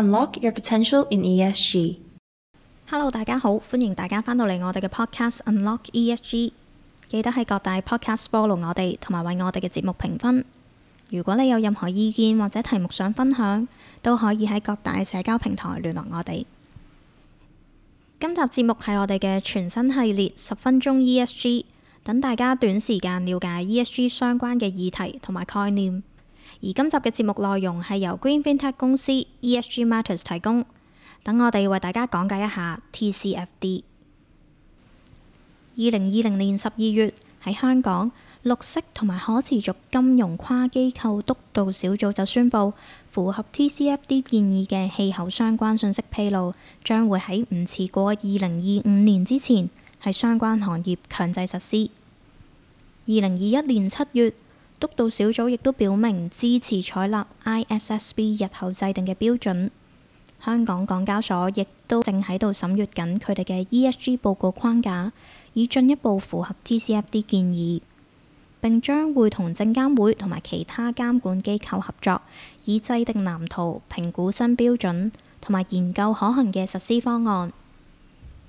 Unlock your potential in ESG。Hello，大家好，歡迎大家翻到嚟我哋嘅 Podcast Unlock ESG。記得喺各大 Podcast follow 我哋，同埋為我哋嘅節目評分。如果你有任何意見或者題目想分享，都可以喺各大社交平台聯絡我哋。今集節目係我哋嘅全新系列《十分鐘 ESG》，等大家短時間了解 ESG 相關嘅議題同埋概念。而今集嘅節目內容係由 Green Vintage 公司 ESG Matters 提供，等我哋為大家講解一下 TCFD。二零二零年十二月喺香港，綠色同埋可持續金融跨機構督導小組就宣布，符合 TCFD 建議嘅氣候相關信息披露，將會喺唔遲過二零二五年之前，喺相關行業強制實施。二零二一年七月。督導小組亦都表明支持採納 ISSB 日後制定嘅標準。香港港交所亦都正喺度審閱緊佢哋嘅 ESG 報告框架，以進一步符合 TCFD 建議，並將會同證監會同埋其他監管機構合作，以制定藍圖、評估新標準同埋研究可行嘅實施方案。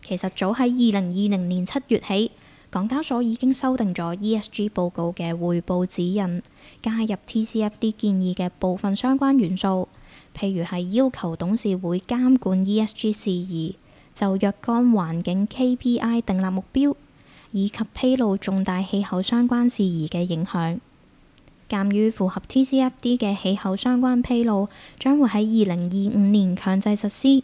其實早喺二零二零年七月起。港交所已經修訂咗 ESG 報告嘅匯報指引，加入 TCFD 建議嘅部分相關元素，譬如係要求董事會監管 ESG 事宜，就若干環境 KPI 定立目標，以及披露重大氣候相關事宜嘅影響。鑑於符合 TCFD 嘅氣候相關披露將會喺2025年強制實施。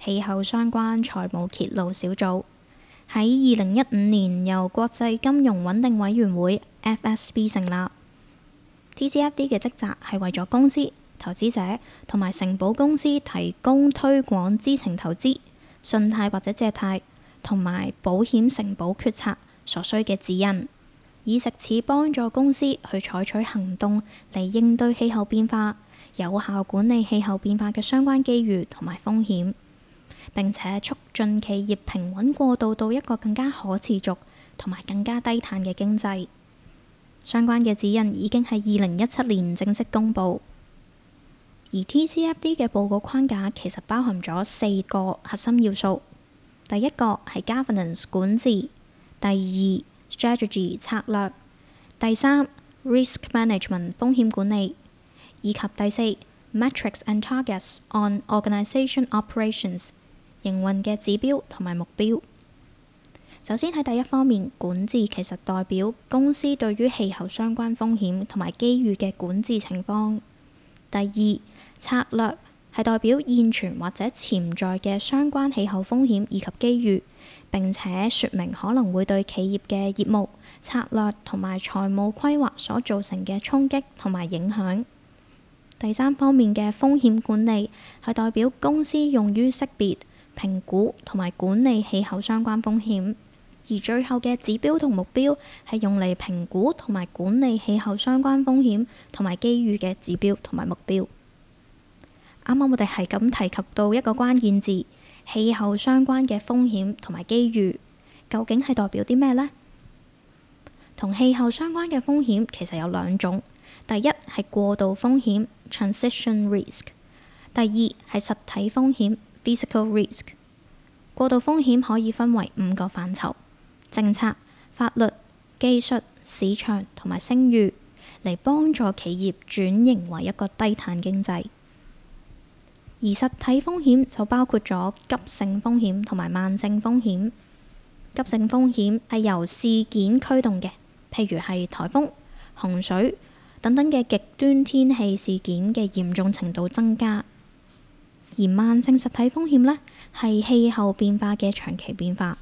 氣候相關財務揭露小組喺二零一五年由國際金融穩定委員會 （FSB） 成立。TCFD 嘅職責係為咗公司、投資者同埋承保公司提供推廣知情投資、信貸或者借貸同埋保險承保決策所需嘅指引，以借此幫助公司去採取行動嚟應對氣候變化，有效管理氣候變化嘅相關機遇同埋風險。並且促進企業平穩過渡到一個更加可持續同埋更加低碳嘅經濟。相關嘅指引已經喺二零一七年正式公布，而 TCFD 嘅報告框架其實包含咗四個核心要素：第一個係 governance 管治，第二 strategy 策略，第三 risk management 風險管理，以及第四 metrics and targets on organization operations。營運嘅指標同埋目標。首先喺第一方面，管治其實代表公司對於氣候相關風險同埋機遇嘅管治情況。第二，策略係代表現存或者潛在嘅相關氣候風險以及機遇，並且説明可能會對企業嘅業務策略同埋財務規劃所造成嘅衝擊同埋影響。第三方面嘅風險管理係代表公司用於識別，評估同埋管理氣候相關風險，而最後嘅指標同目標係用嚟評估同埋管理氣候相關風險同埋機遇嘅指標同埋目標。啱啱我哋係咁提及到一個關鍵字：氣候相關嘅風險同埋機遇，究竟係代表啲咩呢？同氣候相關嘅風險其實有兩種，第一係過渡風險 （transition risk），第二係實體風險。過渡風險可以分為五個範疇：政策、法律、技術、市場同埋聲譽，嚟幫助企業轉型為一個低碳經濟。而實體風險就包括咗急性風險同埋慢性風險。急性風險係由事件驅動嘅，譬如係颱風、洪水等等嘅極端天氣事件嘅嚴重程度增加。而慢性實體風險呢，係氣候變化嘅長期變化，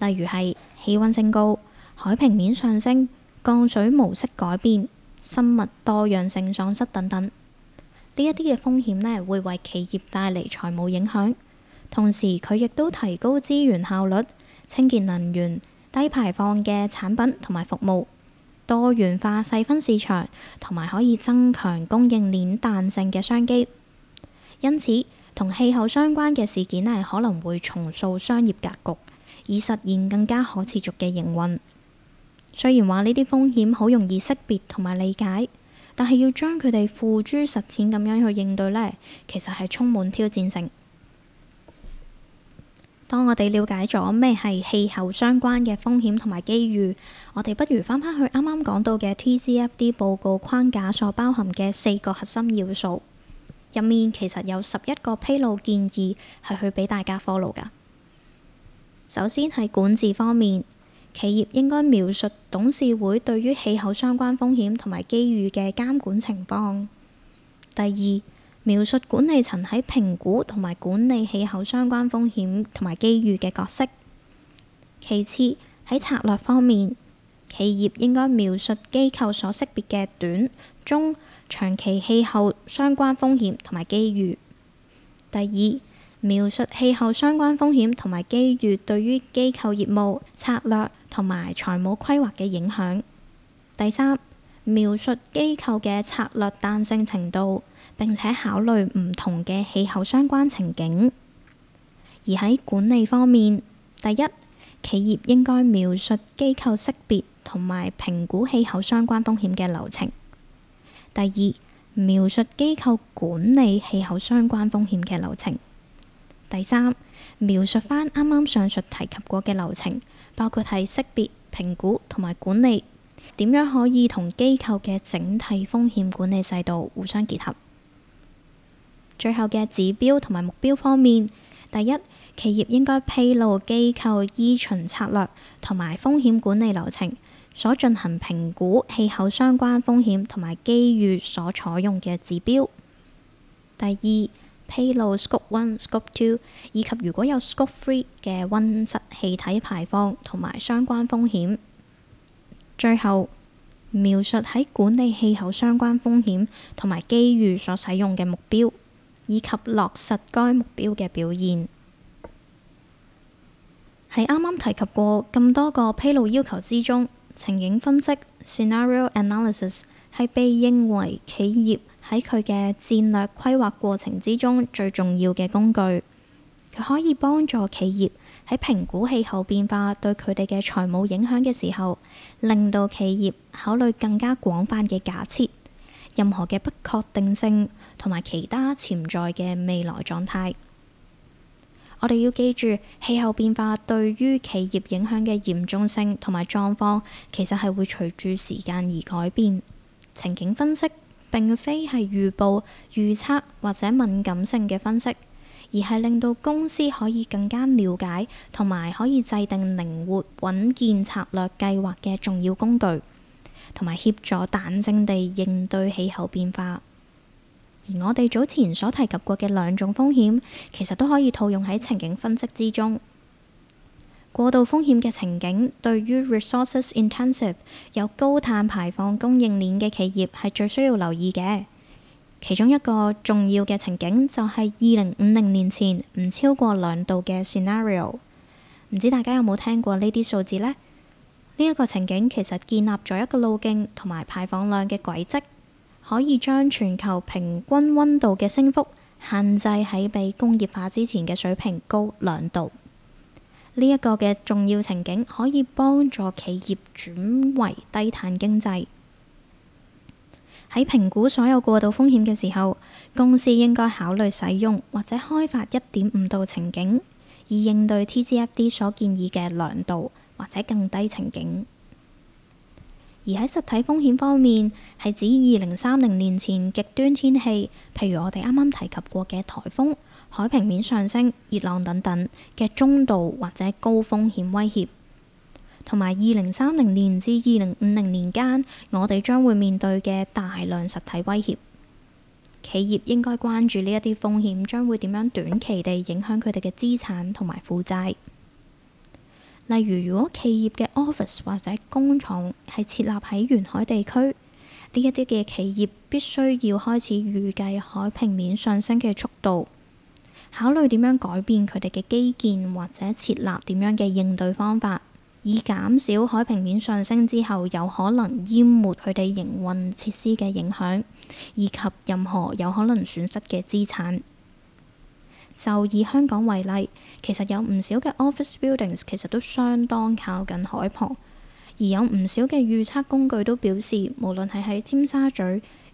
例如係氣温升高、海平面上升、降水模式改變、生物多樣性喪失等等。呢一啲嘅風險呢，會為企業帶嚟財務影響，同時佢亦都提高資源效率、清潔能源、低排放嘅產品同埋服務、多元化細分市場，同埋可以增強供應鏈彈性嘅商機。因此，同氣候相關嘅事件咧，可能會重塑商業格局，以實現更加可持續嘅營運。雖然話呢啲風險好容易識別同埋理解，但係要將佢哋付諸實踐咁樣去應對呢，其實係充滿挑戰性。當我哋了解咗咩係氣候相關嘅風險同埋機遇，我哋不如翻返去啱啱講到嘅 TCFD 報告框架所包含嘅四個核心要素。入面其實有十一個披露建議，係去俾大家 follow 噶。首先係管治方面，企業應該描述董事會對於氣候相關風險同埋機遇嘅監管情況。第二，描述管理層喺評估同埋管理氣候相關風險同埋機遇嘅角色。其次，喺策略方面。企業應該描述機構所識別嘅短、中、長期氣候相關風險同埋機遇。第二，描述氣候相關風險同埋機遇對於機構業務策略同埋財務規劃嘅影響。第三，描述機構嘅策略彈性程度，並且考慮唔同嘅氣候相關情景。而喺管理方面，第一，企業應該描述機構識別。同埋評估氣候相關風險嘅流程。第二，描述機構管理氣候相關風險嘅流程。第三，描述翻啱啱上述提及過嘅流程，包括係識別、評估同埋管理，點樣可以同機構嘅整體風險管理制度互相結合。最後嘅指標同埋目標方面，第一，企業應該披露機構依循策略同埋風險管理流程。所進行評估氣候相關風險同埋機遇所採用嘅指標。第二，披露 Scope One、Scope Two，以及如果有 Scope Three 嘅溫室氣體排放同埋相關風險。最後，描述喺管理氣候相關風險同埋機遇所使用嘅目標，以及落實該目標嘅表現。喺啱啱提及過咁多個披露要求之中，情景分析 （scenario analysis） 係被認為企業喺佢嘅戰略規劃過程之中最重要嘅工具。佢可以幫助企業喺評估氣候變化對佢哋嘅財務影響嘅時候，令到企業考慮更加廣泛嘅假設，任何嘅不確定性同埋其他潛在嘅未來狀態。我哋要記住，氣候變化對於企業影響嘅嚴重性同埋狀況，其實係會隨住時間而改變。情景分析並非係預報、預測或者敏感性嘅分析，而係令到公司可以更加了解同埋可以制定靈活穩健策略計劃嘅重要工具，同埋協助彈性地應對氣候變化。而我哋早前所提及過嘅兩種風險，其實都可以套用喺情景分析之中。過度風險嘅情景對於 resources intensive 有高碳排放供應鏈嘅企業係最需要留意嘅。其中一個重要嘅情景就係二零五零年前唔超過兩度嘅 scenario。唔知大家有冇聽過呢啲數字呢？呢呢一個情景其實建立咗一個路徑同埋排放量嘅軌跡。可以將全球平均溫度嘅升幅限制喺比工業化之前嘅水平高兩度。呢一個嘅重要情景可以幫助企業轉為低碳經濟。喺評估所有過渡風險嘅時候，公司應該考慮使用或者開發一點五度情景，以應對 TCFD 所建議嘅兩度或者更低情景。而喺實體風險方面，係指二零三零年前極端天氣，譬如我哋啱啱提及過嘅颱風、海平面上升、熱浪等等嘅中度或者高風險威脅，同埋二零三零年至二零五零年間，我哋將會面對嘅大量實體威脅。企業應該關注呢一啲風險將會點樣短期地影響佢哋嘅資產同埋負債。例如，如果企業嘅 office 或者工廠係設立喺沿海地區，呢一啲嘅企業必須要開始預計海平面上升嘅速度，考慮點樣改變佢哋嘅基建或者設立點樣嘅應對方法，以減少海平面上升之後有可能淹沒佢哋營運設施嘅影響，以及任何有可能損失嘅資產。就以香港為例，其實有唔少嘅 office buildings 其實都相當靠近海旁，而有唔少嘅預測工具都表示，無論係喺尖沙咀、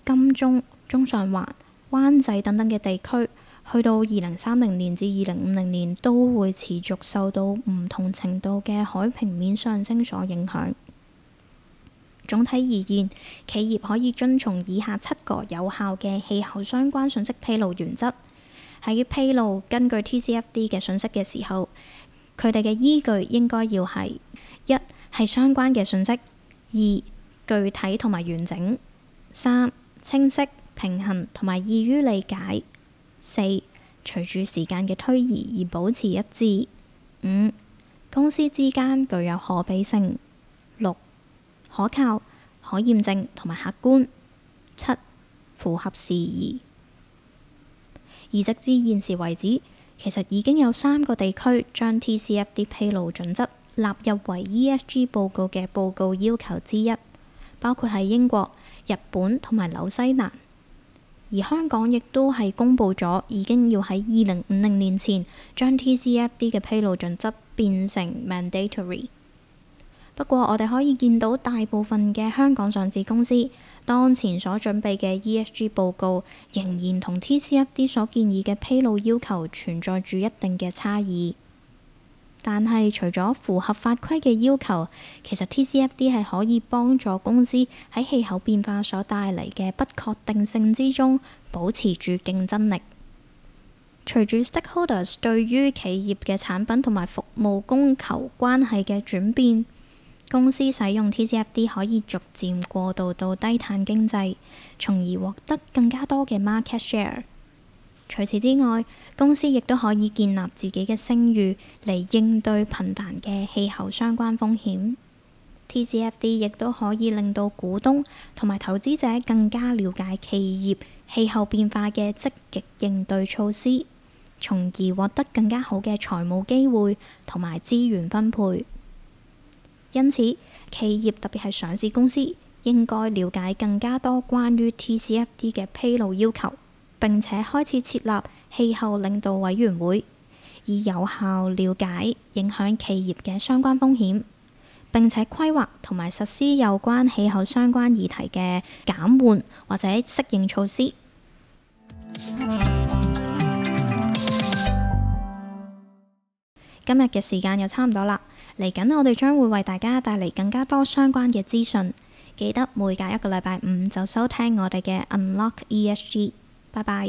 金鐘、中上環、灣仔等等嘅地區，去到二零三零年至二零五零年，都會持續受到唔同程度嘅海平面上升所影響。總體而言，企業可以遵從以下七個有效嘅氣候相關信息披露原則。喺披露根據 TCFD 嘅信息嘅時候，佢哋嘅依據應該要係一係相關嘅信息；二具體同埋完整；三清晰、平衡同埋易於理解；四隨住時間嘅推移而保持一致；五公司之間具有可比性；六可靠、可驗證同埋客觀；七符合時宜。而直至現時為止，其實已經有三個地區將 TCFD 披露準則納入為 ESG 報告嘅報告要求之一，包括係英國、日本同埋紐西蘭。而香港亦都係公佈咗，已經要喺二零五零年前將 TCFD 嘅披露準則變成 mandatory。不過，我哋可以見到大部分嘅香港上市公司當前所準備嘅 ESG 報告，仍然同 TCFD 所建議嘅披露要求存在住一定嘅差異。但係，除咗符合法規嘅要求，其實 TCFD 係可以幫助公司喺氣候變化所帶嚟嘅不確定性之中保持住競爭力。隨住 stakeholders 對於企業嘅產品同埋服務供求關係嘅轉變。公司使用 TCFD 可以逐漸過渡到低碳經濟，從而獲得更加多嘅 market share。除此之外，公司亦都可以建立自己嘅聲譽嚟應對頻繁嘅氣候相關風險。TCFD 亦都可以令到股東同埋投資者更加了解企業氣候變化嘅積極應對措施，從而獲得更加好嘅財務機會同埋資源分配。因此，企業特別係上市公司應該了解更加多關於 TCFD 嘅披露要求，並且開始設立氣候領導委員會，以有效了解影響企業嘅相關風險，並且規劃同埋實施有關氣候相關議題嘅減緩或者適應措施。 今日嘅時間又差唔多啦。嚟緊，我哋將會為大家帶嚟更加多相關嘅資訊。記得每隔一個禮拜五就收聽我哋嘅 Unlock ESG，拜拜。